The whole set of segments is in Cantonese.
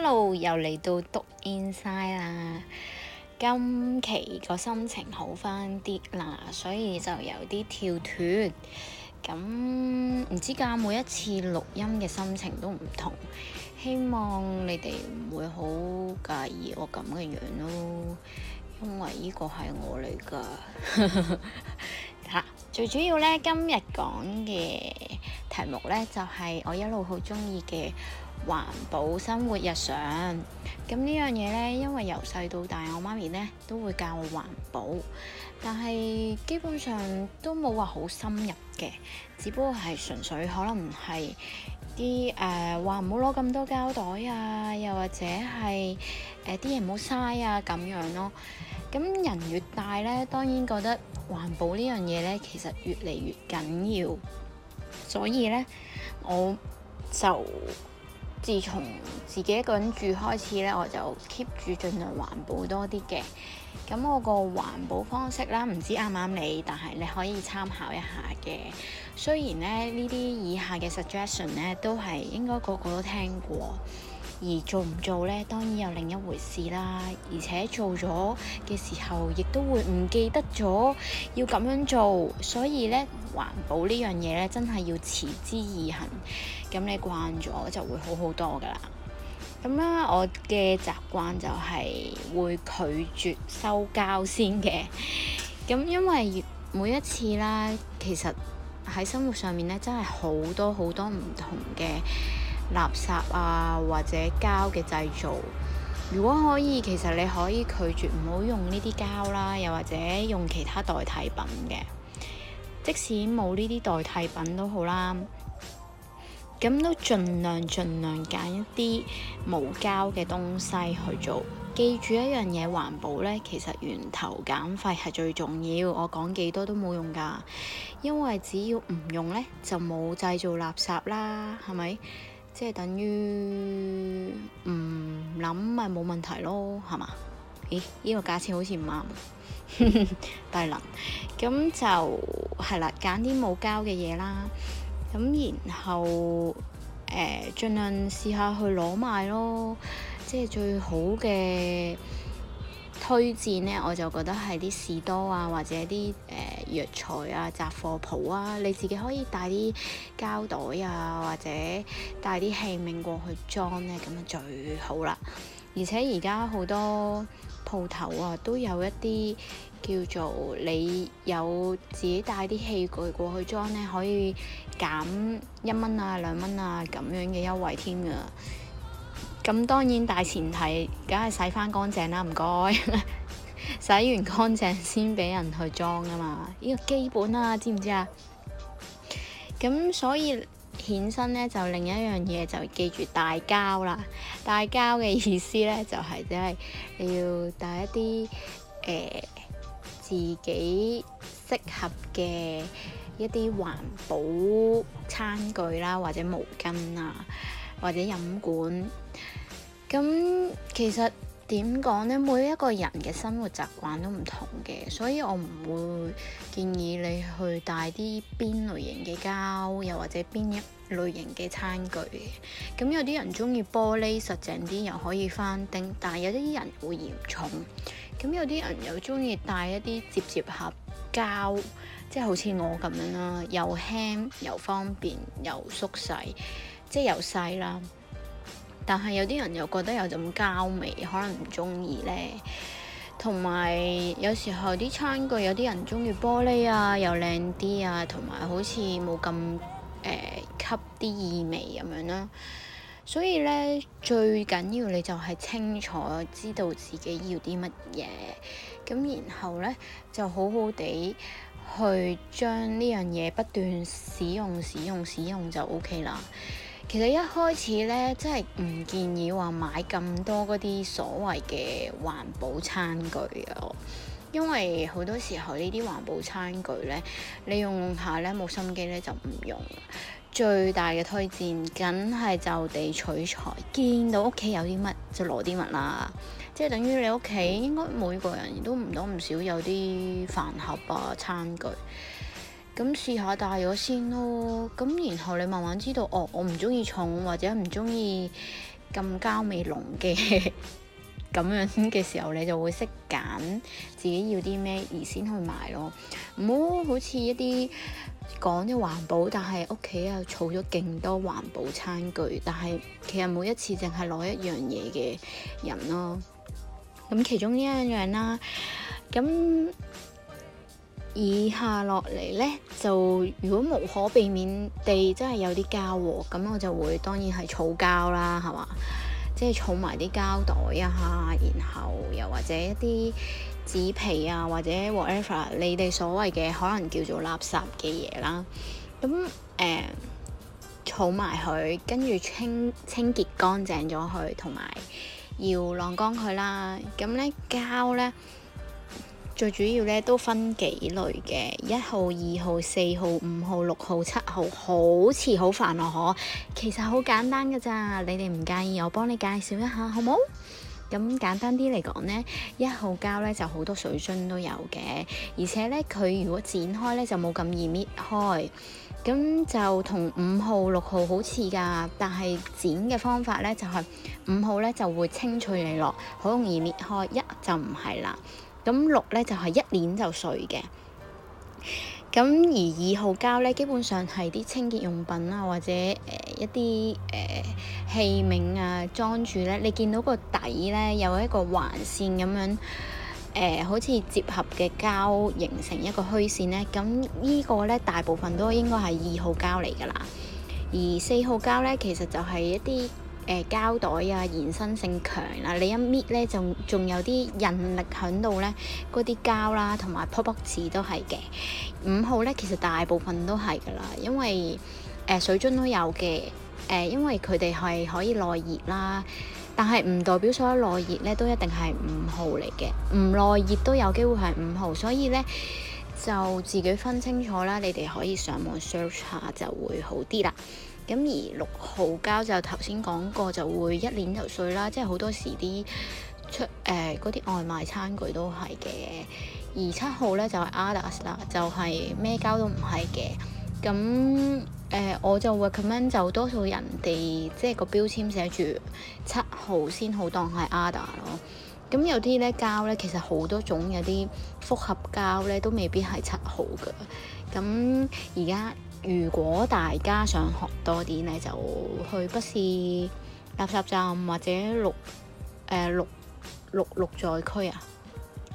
Hello，又嚟到讀 Inside 啦，今期個心情好翻啲啦，所以就有啲跳脫。咁唔知點解、啊、每一次錄音嘅心情都唔同，希望你哋唔會好介意我咁嘅樣，樣咯，因為呢個係我嚟㗎。 最主要咧，今日講嘅題目咧，就係我一路好中意嘅環保生活日常。咁呢樣嘢咧，因為由細到大，我媽咪咧都會教我環保，但係基本上都冇話好深入嘅，只不過係純粹可能係啲誒話唔好攞咁多膠袋啊，又或者係誒啲嘢唔好嘥啊咁樣咯。咁人越大咧，當然覺得環保呢樣嘢咧，其實越嚟越緊要。所以咧，我就自從自己一個人住開始咧，我就 keep 住盡量環保多啲嘅。咁我個環保方式啦，唔知啱唔啱你，但係你可以參考一下嘅。雖然咧呢啲以下嘅 suggestion 咧，都係應該個個都聽過。而做唔做呢，當然有另一回事啦。而且做咗嘅時候，亦都會唔記得咗要咁樣做。所以呢，環保呢樣嘢呢，真係要持之以恆。咁你慣咗就會好好多㗎喇。咁啦，我嘅習慣就係會拒絕收膠先嘅。咁因為每一次啦，其實喺生活上面呢，真係好多好多唔同嘅。垃圾啊，或者膠嘅製造，如果可以，其實你可以拒絕唔好用呢啲膠啦，又或者用其他代替品嘅。即使冇呢啲代替品都好啦，咁都盡量盡量揀一啲無膠嘅東西去做。記住一樣嘢，環保呢，其實源頭減廢係最重要。我講幾多都冇用㗎，因為只要唔用呢，就冇製造垃圾啦，係咪？即係等於唔諗咪冇問題咯，係嘛？咦，呢、這個價錢好似唔啱，但 低能咁就係啦，揀啲冇膠嘅嘢啦，咁然後誒、呃，盡量試下去攞賣咯，即係最好嘅。推薦呢，我就覺得係啲士多啊，或者啲誒、呃、藥材啊、雜貨鋪啊，你自己可以帶啲膠袋啊，或者帶啲器皿過去裝呢，咁就最好啦。而且而家好多鋪頭啊，都有一啲叫做你有自己帶啲器具過去裝呢，可以減一蚊啊、兩蚊啊咁樣嘅優惠添㗎。咁當然大前提，梗係洗翻乾淨啦，唔該。 洗完乾淨先俾人去裝啊嘛，呢個基本啦、啊，知唔知啊？咁所以衍生呢，就另一樣嘢就記住帶膠啦。帶膠嘅意思呢，就係即係你要帶一啲誒、呃、自己適合嘅一啲環保餐具啦，或者毛巾啊，或者飲管、啊。咁其實點講呢？每一個人嘅生活習慣都唔同嘅，所以我唔會建議你去帶啲邊類型嘅膠，又或者邊一類型嘅餐具嘅。咁有啲人中意玻璃實淨啲，又可以翻叮；但係有啲人會嫌重。咁有啲人又中意帶一啲摺摺合膠，即係好似我咁樣啦、啊，又輕又方便又縮細，即係又細啦。但係有啲人又覺得有種膠味，可能唔中意咧。同埋有，有時候啲餐具有啲人中意玻璃啊，又靚啲啊，同埋好似冇咁誒吸啲異味咁樣啦。所以咧，最緊要你就係清楚知道自己要啲乜嘢，咁然後咧就好好地去將呢樣嘢不斷使用、使用、使用就 OK 啦。其實一開始咧，真係唔建議話買咁多嗰啲所謂嘅環保餐具啊，因為好多時候呢啲環保餐具咧，你用下咧冇心機咧就唔用。最大嘅推薦梗係就地取材，見到屋企有啲乜就攞啲乜啦，即係等於你屋企應該每個人都唔多唔少有啲飯盒啊、餐具。咁試下帶咗先咯，咁然後你慢慢知道，哦，我唔中意重或者唔中意咁膠味濃嘅咁 樣嘅時候，你就會識揀自己要啲咩而先去買咯。唔好好似一啲講咗環保，但係屋企又儲咗勁多環保餐具，但係其實每一次淨係攞一樣嘢嘅人咯。咁其中一樣啦、啊，咁。以下落嚟呢，就如果無可避免地真係有啲膠喎、啊，咁我就會當然係儲膠啦，係嘛？即係儲埋啲膠袋啊，然後又或者一啲紙皮啊，或者 whatever 你哋所謂嘅可能叫做垃圾嘅嘢啦，咁誒儲埋佢，跟、呃、住清清潔乾淨咗佢，同埋要晾乾佢啦。咁呢膠呢？最主要咧都分幾類嘅，一號、二號、四號、五號、六號、七號，好似好煩咯、啊、～嗬，其實好簡單㗎咋，你哋唔介意，我幫你介紹一下，好冇？好？咁簡單啲嚟講呢，一號膠呢就好多水樽都有嘅，而且呢，佢如果剪開呢就冇咁易搣開，咁就同五號六號好似㗎，但係剪嘅方法呢，就係、是、五號呢就會清脆利落，好容易搣開，一就唔係啦。咁六咧就係、是、一年就碎嘅，咁而二號膠咧，基本上係啲清潔用品啊，或者誒、呃、一啲誒、呃、器皿啊裝住咧，你見到個底咧有一個橫線咁樣，誒、呃、好似接合嘅膠形成一個虛線咧，咁呢個咧大部分都應該係二號膠嚟噶啦，而四號膠咧其實就係一啲。誒、呃、膠袋啊，延伸性強啦，你一搣咧，就仲有啲韌力響度咧，嗰啲膠啦、啊，同埋泡泡紙都係嘅。五號咧，其實大部分都係噶啦，因為、呃、水樽都有嘅、呃，因為佢哋係可以耐熱啦，但係唔代表所有耐熱咧都一定係五號嚟嘅，唔耐熱都有機會係五號，所以咧就自己分清楚啦。你哋可以上網 search 下就會好啲啦。咁而六號膠就頭先講過，就會一年就碎啦，即係好多時啲出誒嗰啲外賣餐具都係嘅。而七號咧就係、是、Others 啦，就係、是、咩膠都唔係嘅。咁誒、呃、我就會咁樣，就多數人哋即係個標籤寫住七號先好當係 Others 咯。咁有啲咧膠咧，其實好多種有啲複合膠咧都未必係七號㗎。咁而家。如果大家想學多啲呢，就去不是垃圾站或者綠誒綠綠綠在區啊，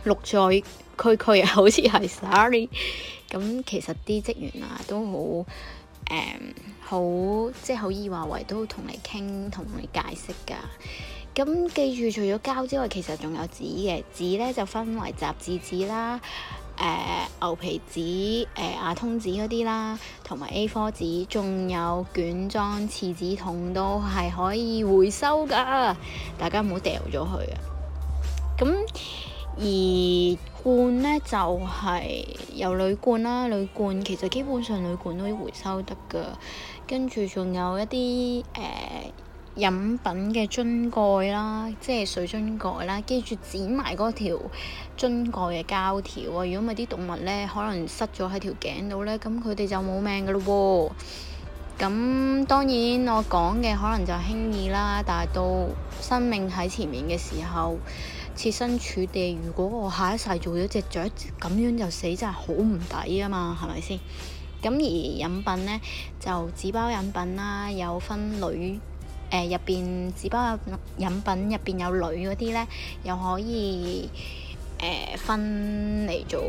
綠、呃、在區區啊，好似係，sorry。咁 其實啲職員啊都好誒、嗯、好，即係好易話為都同你傾，同你解釋噶。咁記住，除咗膠之外，其實仲有紙嘅紙呢，就分為雜誌紙啦。誒、呃、牛皮紙、誒、呃、阿通紙嗰啲啦，同埋 A4 紙，仲有卷裝廁紙筒都係可以回收噶，大家唔好掉咗佢啊。咁而罐呢，就係、是、有鋁罐啦，鋁罐其實基本上鋁罐都可以回收得噶，跟住仲有一啲誒。呃飲品嘅樽蓋啦，即係水樽蓋啦，記住剪埋嗰條樽蓋嘅膠條啊！如果唔係啲動物呢，可能塞咗喺條頸度呢，咁佢哋就冇命噶咯。咁當然我講嘅可能就輕易啦，但係到生命喺前面嘅時候，設身處地，如果我下一世做咗隻雀，咁樣就死真係好唔抵啊！嘛，係咪先？咁而飲品呢，就紙包飲品啦，有分女。誒入邊，只不過飲品入邊有鋁嗰啲呢，又可以誒、呃、分嚟做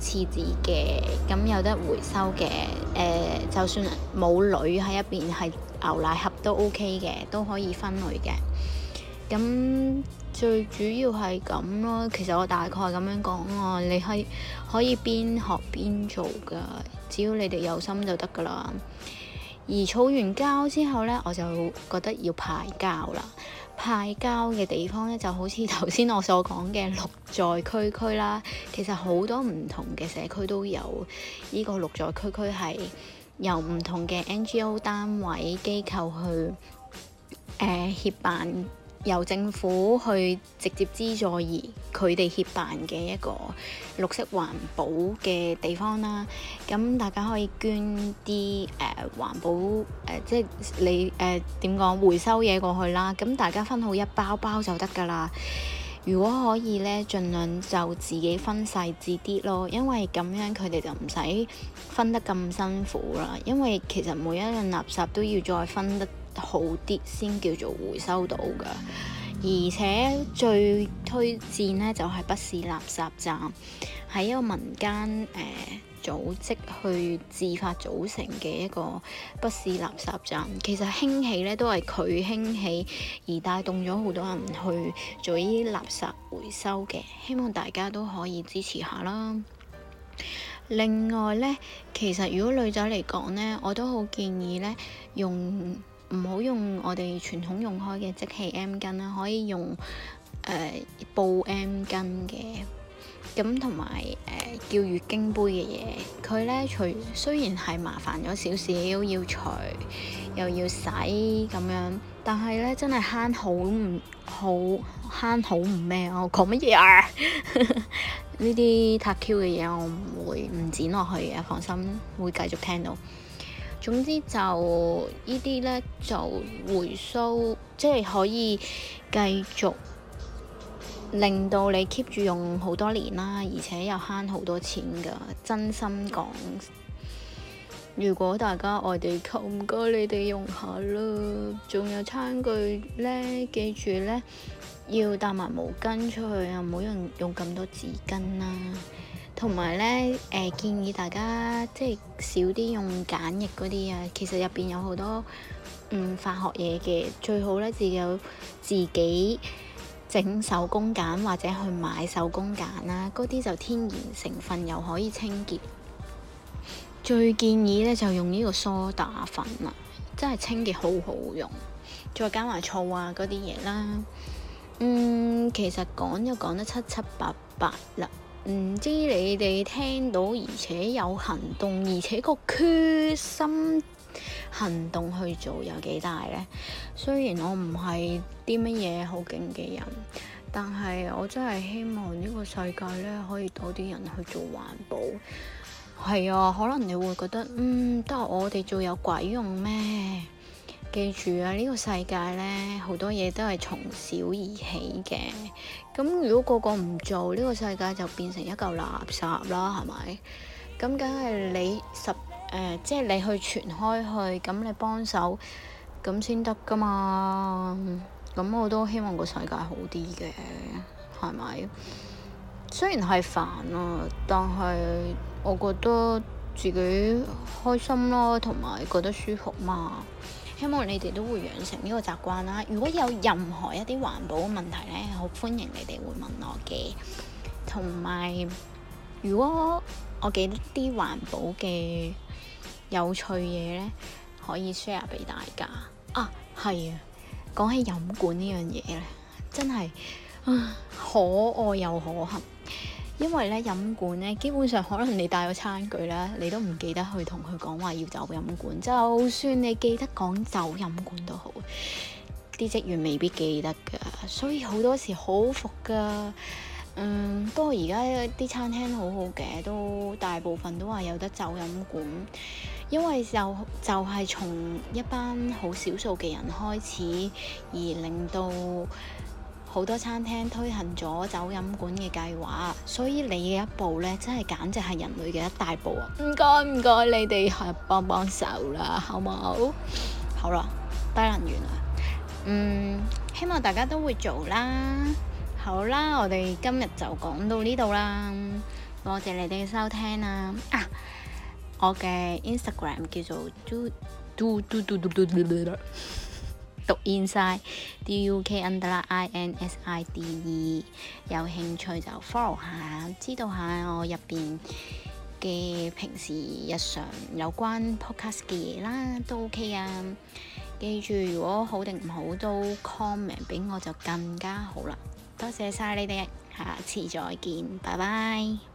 廁紙嘅，咁有得回收嘅。誒、呃，就算冇鋁喺入邊，係牛奶盒都 OK 嘅，都可以分類嘅。咁最主要係咁咯，其實我大概咁樣講啊，你係可，可以邊學邊做噶，只要你哋有心就得噶啦。而吵完交之後呢，我就覺得要排交啦。派交嘅地方呢，就好似頭先我所講嘅六在區區啦。其實好多唔同嘅社區都有呢個六在區區，係由唔同嘅 NGO 單位機構去誒、呃、協辦。由政府去直接資助而佢哋協辦嘅一個綠色環保嘅地方啦，咁大家可以捐啲誒環保誒、呃、即係你誒點講回收嘢過去啦。咁大家分好一包包就得噶啦。如果可以咧，盡量就自己分細緻啲咯，因為咁樣佢哋就唔使分得咁辛苦啦。因為其實每一樣垃圾都要再分得好啲先叫做回收到㗎，而且最推薦呢，就係、是、不是垃圾站，係一個民間誒、呃、組織去自發組成嘅一個不是垃圾站。其實興起呢，都係佢興起而帶動咗好多人去做呢啲垃圾回收嘅，希望大家都可以支持下啦。另外呢，其實如果女仔嚟講呢，我都好建議呢用，唔好用我哋傳統用開嘅即棄 M 巾啦，un，可以用誒、呃、布 M 巾嘅。咁同埋誒叫月經杯嘅嘢，佢咧除，雖然係麻煩咗少少，又要除又要洗咁樣，但係咧真係慳好唔好？慳好唔咩？我講乜嘢啊？呢啲塔 Q 嘅嘢我唔會唔剪落去嘅，放心會繼續聽到。總之就呢啲呢，就回收，即係可以繼續令到你 keep 住用好多年啦，而且又慳好多錢㗎。真心講，如果大家外地購唔該，你哋用下啦。仲有餐具呢，記住呢，要帶埋毛巾出去啊，唔好用用咁多紙巾啦。同埋咧，誒、呃、建議大家即係少啲用梘液嗰啲啊，其實入邊有好多嗯化學嘢嘅，最好咧自己有自己整手工梘或者去買手工梘啦，啊，嗰啲就天然成分又可以清潔。最建議咧就用呢個梳打粉啦，真係清潔好好用。再加埋醋啊嗰啲嘢啦，嗯，其實講又講得七七八八啦。唔知你哋聽到，而且有行動，而且個決心行動去做有幾大呢？雖然我唔係啲乜嘢好勁嘅人，但係我真係希望呢個世界咧可以多啲人去做環保。係啊，可能你會覺得，嗯，得我哋做有鬼用咩？記住啊！呢個世界呢，好多嘢都係從小而起嘅。咁如果個個唔做，呢個世界就變成一嚿垃圾啦，係咪？咁梗係你實、呃，即係你去傳開去，咁你幫手咁先得噶嘛。咁我都希望個世界好啲嘅，係咪？雖然係煩啊，但係我覺得自己開心囉，同埋覺得舒服嘛。希望你哋都會養成呢個習慣啦。如果有任何一啲環保嘅問題咧，好歡迎你哋會問我嘅。同埋，如果我記得啲環保嘅有趣嘢咧，可以 share 俾大家。啊，係啊，講起飲管呢樣嘢咧，真係，啊，可愛又可恨。因為咧飲管咧，基本上可能你帶咗餐具啦，你都唔記得去同佢講話要走飲管。就算你記得講走飲管都好，啲職員未必記得㗎。所以好多時好服㗎。嗯，不過而家啲餐廳好好嘅，都大部分都話有得走飲管，因為就就係從一班好少數嘅人開始，而令到。好多餐廳推行咗走飲管嘅計劃，所以你嘅一步呢，真係簡直係人類嘅一大步啊！唔該唔該，你哋係幫幫手啦，好唔好？好啦，低能源啦，嗯，希望大家都會做啦。好啦，我哋今日就講到呢度啦，多謝你哋嘅收聽啊！啊，我嘅 Instagram 叫做嘟嘟嘟嘟嘟嘟嘟嘟。 讀 D-U-K-N 得啦，I-N-S-I-D-E。E. 有興趣就 follow 下，知道下我入邊嘅平時日常有關 podcast 嘅嘢啦，都 OK 啊。記住，如果好定唔好都 comment 俾我，就更加好啦。多謝晒你哋，下次再見，拜拜。